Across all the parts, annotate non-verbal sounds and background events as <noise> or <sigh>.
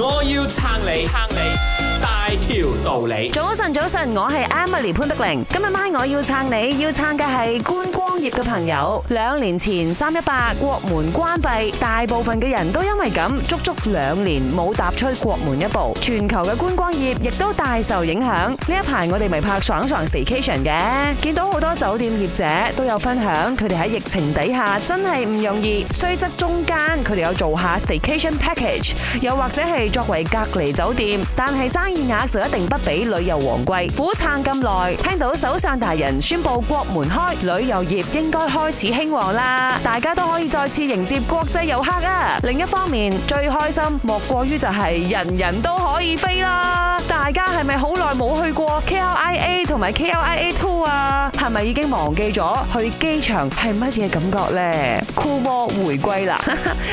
我要撐你撐你大條道理。早晨，早晨，我係 Emily 潘德玲。今日 m 我要撐你要撐嘅係觀光業嘅朋友。兩年前三一八國門關閉，大部分嘅人都因為咁足足兩年冇踏出國門一步。全球嘅觀光業亦都大受影響。呢一排我哋咪拍爽爽 staycation 嘅，見到好多酒店業者都有分享，佢哋喺疫情底下真係唔容易，雖則中間佢哋有做下 staycation package，又或者係。作為隔離酒店，但係生意額就一定不比旅遊旺季苦撐咁耐。聽到首相大人宣布國門開，旅遊業應該開始興旺啦！大家都可以再次迎接國際遊客啊！另一方面，最開心莫過於就係人人都可以飛啦！大家係咪好耐冇去過 KLIA？同埋 K L I A Two 啊，係咪已經忘記咗去機場係乜嘢感覺呢？酷波回歸啦，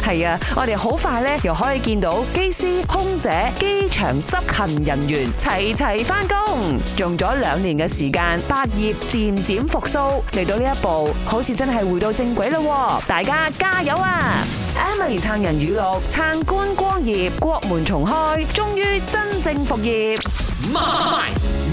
係 <laughs> 啊！我哋好快咧，又可以見到機師、空姐、機場執行人員齊齊翻工。齊齊用咗兩年嘅時間，百業漸漸復蘇，嚟到呢一步，好似真係回到正軌咯。大家加油啊！Emily 撐人語錄，撐觀光業，國門重開，終於真正復業。